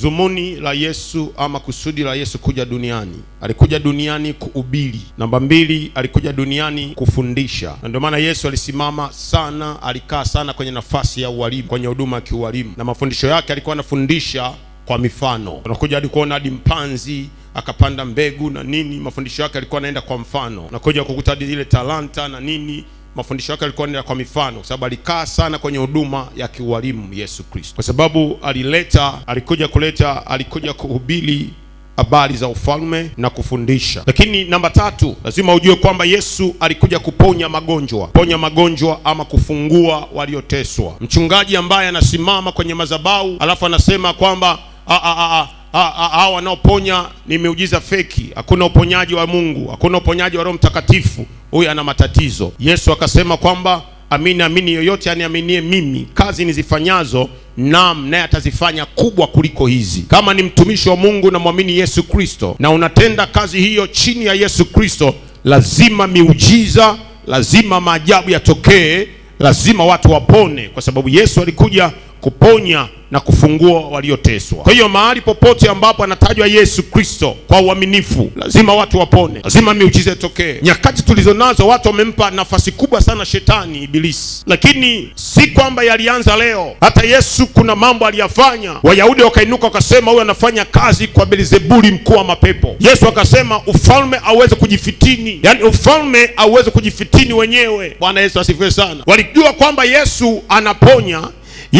Zumuni la Yesu ama kusudi la Yesu kuja duniani, alikuja duniani kuhubiri. Namba mbili, alikuja duniani kufundisha, na ndio maana Yesu alisimama sana, alikaa sana kwenye nafasi ya ualimu, kwenye huduma ya kiualimu, na mafundisho yake alikuwa anafundisha kwa mifano. Unakuja hadi kuona hadi mpanzi akapanda mbegu na nini, mafundisho yake alikuwa anaenda kwa mfano. Unakuja kukuta hadi ile talanta na nini mafundisho yake yalikuwa ni kwa mifano, kwa sababu alikaa sana kwenye huduma ya kiwalimu Yesu Kristo, kwa sababu alileta, alikuja kuleta, alikuja kuhubiri habari za ufalme na kufundisha. Lakini namba tatu, lazima ujue kwamba Yesu alikuja kuponya magonjwa, ponya magonjwa ama kufungua walioteswa. Mchungaji ambaye anasimama kwenye madhabahu alafu anasema kwamba a a a Ah, ah, hawa wanaoponya ni miujiza feki. Hakuna uponyaji wa Mungu, hakuna uponyaji wa Roho Mtakatifu. Huyu ana matatizo. Yesu akasema kwamba amini amini, yoyote aniaminie mimi, kazi nizifanyazo nam naye atazifanya kubwa kuliko hizi. Kama ni mtumishi wa Mungu na mwamini Yesu Kristo na unatenda kazi hiyo chini ya Yesu Kristo, lazima miujiza, lazima maajabu yatokee, lazima watu wapone, kwa sababu Yesu alikuja kuponya na kufungua walioteswa. Kwa hiyo mahali popote ambapo anatajwa Yesu Kristo kwa uaminifu, lazima watu wapone, lazima miujiza itokee. Nyakati tulizonazo watu wamempa nafasi kubwa sana shetani Ibilisi, lakini si kwamba yalianza leo. Hata Yesu kuna mambo aliyafanya, Wayahudi wakainuka wakasema huyu anafanya kazi kwa Belzebuli, mkuu wa mapepo. Yesu akasema ufalme auweze kujifitini, yaani ufalme auweze kujifitini wenyewe. Bwana Yesu asifiwe sana. Walijua kwamba Yesu anaponya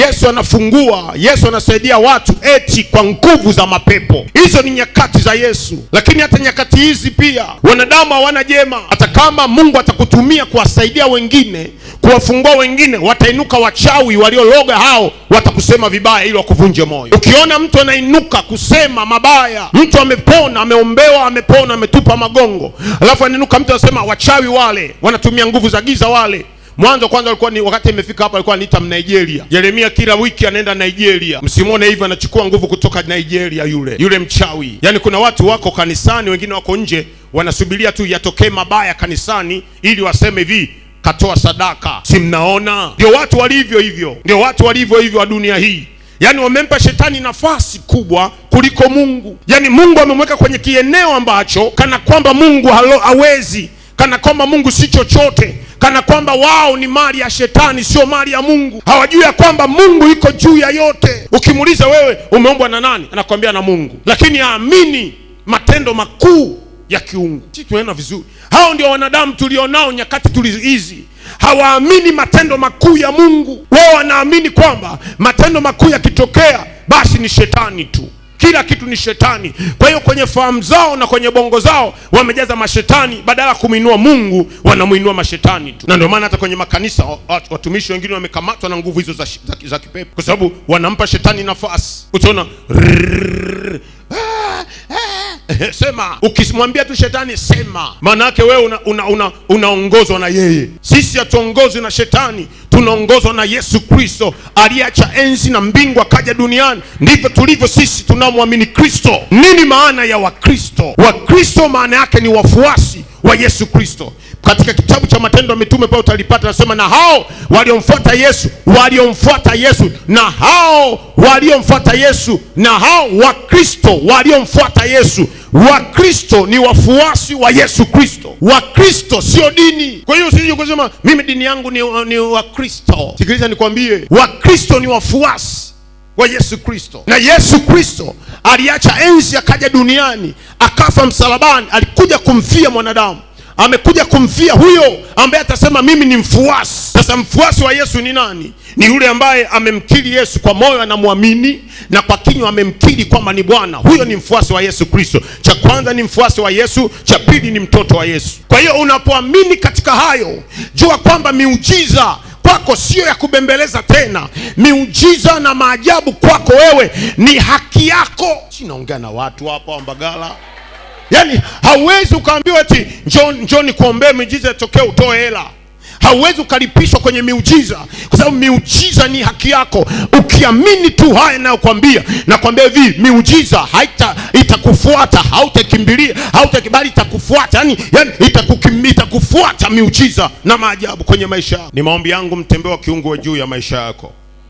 Yesu anafungua, Yesu anasaidia watu eti kwa nguvu za mapepo. Hizo ni nyakati za Yesu, lakini hata nyakati hizi pia wanadamu hawana jema. Hata kama Mungu atakutumia kuwasaidia wengine, kuwafungua wengine, watainuka wachawi waliologa, hao watakusema vibaya ili wakuvunje moyo. Ukiona mtu anainuka kusema mabaya, mtu amepona, ameombewa, amepona, ametupa magongo, alafu anainuka mtu anasema wachawi wale wanatumia nguvu za giza wale Mwanzo kwanza alikuwa ni wakati imefika hapa alikuwa anaita Nigeria. Yeremia kila wiki anaenda Nigeria. Msimwone hivyo anachukua nguvu kutoka Nigeria yule. Yule mchawi. Yaani kuna watu wako kanisani, wengine wako nje, wanasubiria tu yatokee mabaya kanisani ili waseme hivi katoa sadaka. Si mnaona? Ndio watu walivyo hivyo. Ndio watu walivyo hivyo wa dunia hii. Yaani wamempa shetani nafasi kubwa kuliko Mungu. Yaani Mungu amemweka kwenye kieneo ambacho kana kwamba Mungu hawezi, kana kwamba Mungu si chochote kana kwamba wao ni mali ya shetani, sio mali ya Mungu. Hawajui ya kwamba Mungu yuko juu ya yote. Ukimuuliza wewe umeumbwa na nani, anakwambia na Mungu, lakini aamini matendo makuu ya kiungu. Si tunaenda vizuri? Hao ndio wanadamu tulionao nyakati tulizo hawaamini matendo makuu ya Mungu. Wao wanaamini kwamba matendo makuu yakitokea basi ni shetani tu kila kitu ni shetani. Kwa hiyo kwenye fahamu zao na kwenye bongo zao wamejaza mashetani, badala ya kumwinua Mungu wanamuinua mashetani tu, na ndio maana hata kwenye makanisa watumishi wengine wamekamatwa na nguvu hizo za, za, za kipepo, kwa sababu wanampa shetani nafasi. Utaona Sema, ukimwambia tu shetani sema, maana yake wewe unaongozwa una, una na yeye. Sisi hatuongozwi na shetani, tunaongozwa na Yesu Kristo aliyeacha enzi na mbingu akaja duniani. Ndivyo tulivyo sisi tunamwamini Kristo. Nini maana ya Wakristo? Wakristo maana yake ni wafuasi wa Yesu Kristo. Katika kitabu cha Matendo ya Mitume pale utalipata, nasema na hao waliomfuata Yesu, waliomfuata Yesu, na hao waliomfuata Yesu, na hao Wakristo waliomfuata Yesu. Wakristo ni wafuasi wa Yesu Kristo. Wakristo sio dini. Kwa hiyo usije kusema mimi dini yangu ni, ni Wakristo. Sikiliza nikwambie, Wakristo ni wafuasi wa Yesu Kristo. Na Yesu Kristo aliacha enzi akaja duniani akafa msalabani, alikuja kumfia mwanadamu, amekuja kumfia huyo ambaye atasema mimi ni mfuasi. Sasa mfuasi wa Yesu ni nani? Ni yule ambaye amemkiri Yesu kwa moyo, anamwamini na kwa kinywa amemkiri kwamba ni Bwana. Huyo ni mfuasi wa Yesu Kristo. Cha kwanza ni mfuasi wa Yesu, cha pili ni mtoto wa Yesu. Kwa hiyo unapoamini katika hayo, jua kwamba miujiza kwako sio ya kubembeleza tena. Miujiza na maajabu kwako wewe ni haki yako. Sinaongea na watu hapa wa Mbagala. Yaani hauwezi ukaambiwa eti njoo, njoo nikuombee miujiza itokee, utoe hela hauwezi ukalipishwa kwenye miujiza, kwa sababu miujiza ni haki yako. Ukiamini tu haya ninayokwambia, nakwambia hivi, miujiza haita itakufuata, hautakimbilia, hautakibali, itakufuata yani, yani itakufuata miujiza na maajabu kwenye maisha yako. Ni maombi yangu mtembee wa kiungo juu ya maisha yako.